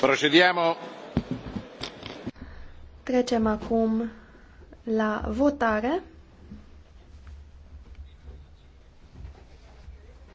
Procediamo. Trecem acum la votare.